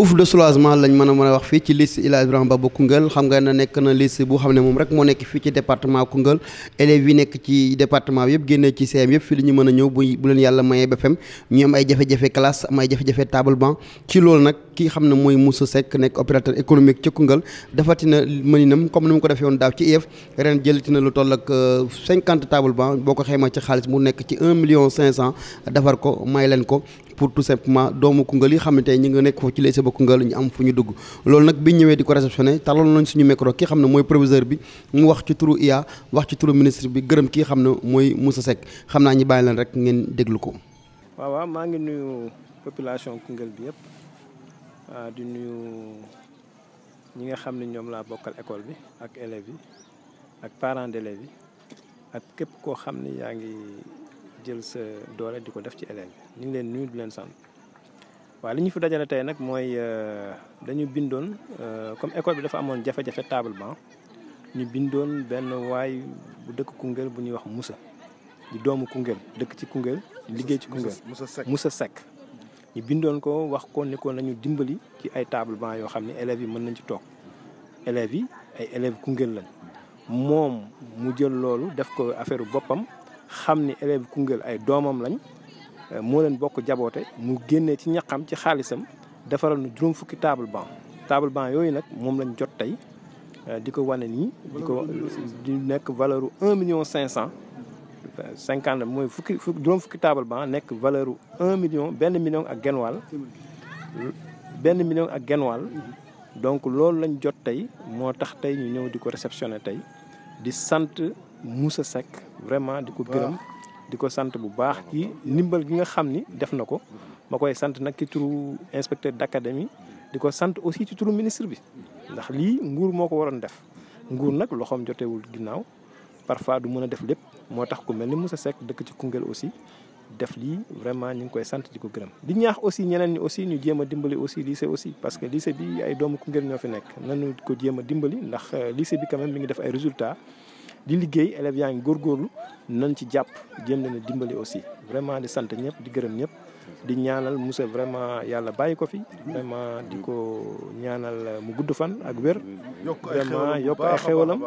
ouf de soulagement lañ mën a mën a wax fii ci liste Ila Ibrahima Ba bu Koungheul xam nga na nekk na list bu xam ne moom rek moo nekk fii ci département Koungheul élèves yi nekk ci département bi yëpp génnee ci CM yëpp fii la ñu mën a ñëw bu bu leen yàlla mayee BFEM ñu am ay jafe-jafe classe am ay jafe-jafe table banc ci loolu nag ki xam ne mooy Moussa sekk nekk opérateur économique ci ca Koungheul defati na mëninam comme ni mu ko defee woon daaw ci IEF ren jëlati na lu toll ak euh, cinquante table banc boo ko xayma ci xaalis mu nekk ci un million cinq cent defar ko may leen ko pour tout simplement doomu Koungheul yi xamante ne ñi nga nekk foofu ci lycée ba Koungheul ñu am fu ñu dugg loolu nag biñ ñëwee di ko réceptionné taloon nañ suñu micro ki xam ne mooy proviseur bi mu wax ci turu IA wax bi gërëm kii xam ne mooy Moussa Seck xam naa ñu bàyyi leen rek ngeen déglu ko waaw waaw maa ngi nuyu population Koungheul bi yëpp ah, di nuyu ñi nga xam ne ñoom laa bokkal école bi ak élèves yi ak parents d'élèves yi ak képp koo xam ne jël sa doole di ko def ci élèves yi ñu ngi leen nuyu di leen sant waaw li ñu fi dajale tey nag mooy euh, dañu bindoon euh, comme école bi dafa amoon jafe-jafe table ñu bindoon benn waay bu dëkk Koungheul bu ñuy wax musa di doomu Koungheul dëkk ci Koungheul liggéey ci Koungheul Moussa Seck ñu bindoon ko wax ko ni ko nañu dimbali ci ay table yoo xam ne élève yi mën nañ ci toog élève yi ay élèves Koungheul lañ moom mu jël loolu def ko affaire boppam xam ni élève Koungheul ay doomam lañ euh, moo leen bokk jaboote mu génnee ci ñaqam ci xaalisam defaral nu juróom fukki table banc table banc yooyu nag moom lañ jot tey euh, di ko wane nii di ko nekk valeur un million cinq cent cinquante mooy fukki juróom fukki table banc nekk valeur u un million benn million ak genwaal benn million ak genwaal donc loolu lañ jot tey moo tax tey ñu ñëw di ko réceptionné tey di sant Moussa Seck vraiment di ko gërëm di ko sant bu baax ci ndimbal gi nga xam ni def na ko ma koy sant nag ci turu inspecteur d'académie di ko sant aussi ci turu ministre bi ndax lii nguur moo ko waroon def nguur nag loxoom jotewul ginnaaw parfois du mën a def lépp moo tax ku mel ni Moussa Seck dëkk ci Koungheul aussi def lii vraiment ñu ngi koy sant di ko gërëm di ñaax aussi ñeneen ñi aussi ñu jéema dimbali aussi lycée aussi parce que lycée bi ay doomu Koungheul ñoo fi nekk nañu ko jéem a dimbali ndax euh, lycée bi quand même mi ngi def ay résultats di liggéey élèves yaa ngi góorgóorlu nañ ci jàpp jéem leen a dimbali aussi vraiment di sant ñëpp di gërëm ñëpp di ñaanal Moussa vraiment yàlla bàyyi ko fi vraiment di ko ñaanal euh, mu gudd fan ak wér vraiment yokk ay xewalam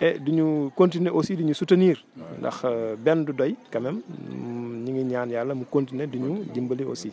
et di ñu continuer aussi di ñu soutenir ndax euh, benn du doy ngi ñaan yàlla mu continuer di ñu dimbali aussi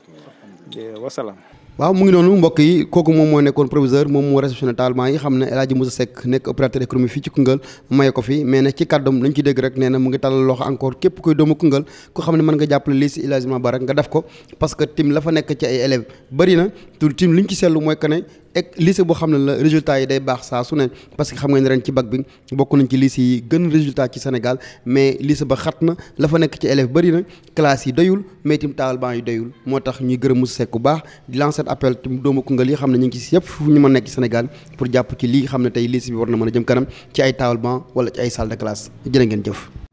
waaw mu ngi noonu mbokk yi kooku moom moo nekkoon proviseur moom moo réceptionné taalement yi xam ne El Hadj Moussa nekk opérateur économique fii ci Koungheul maye ko fi mais ci kàddoom lañ ci dégg rek nee mu ngi tàllal loxo encore képp kuy doomu Koungheul ko xam ne mën nga jàppale lii si El Hadj nga def ko parce tim la fa nekk ci ay élèves bëri tur tim liñ ci seetlu mooy que ne ek lycée boo xam ne la résultat yi day baax saa su ne parce que xam nga ne ren ci bac bi bokk nañ ci lycée yi gën résultat ci Sénégal mais lycée ba xat na la fa nekk ci élèves bëri na classe yi doyul mais itam taabal banc yi doyul moo tax ñuy gërëm Moussa Seck bu baax di lancer appel doomu Koungheul yi xam ne ñu ngi si yëpp fu ñu ma nekk ci Sénégal pour jàpp ci lii xam ne tey lycée bi war na mën a jëm kanam ci ay taabal banc wala ci ay salle de classe jërë ngeen jëf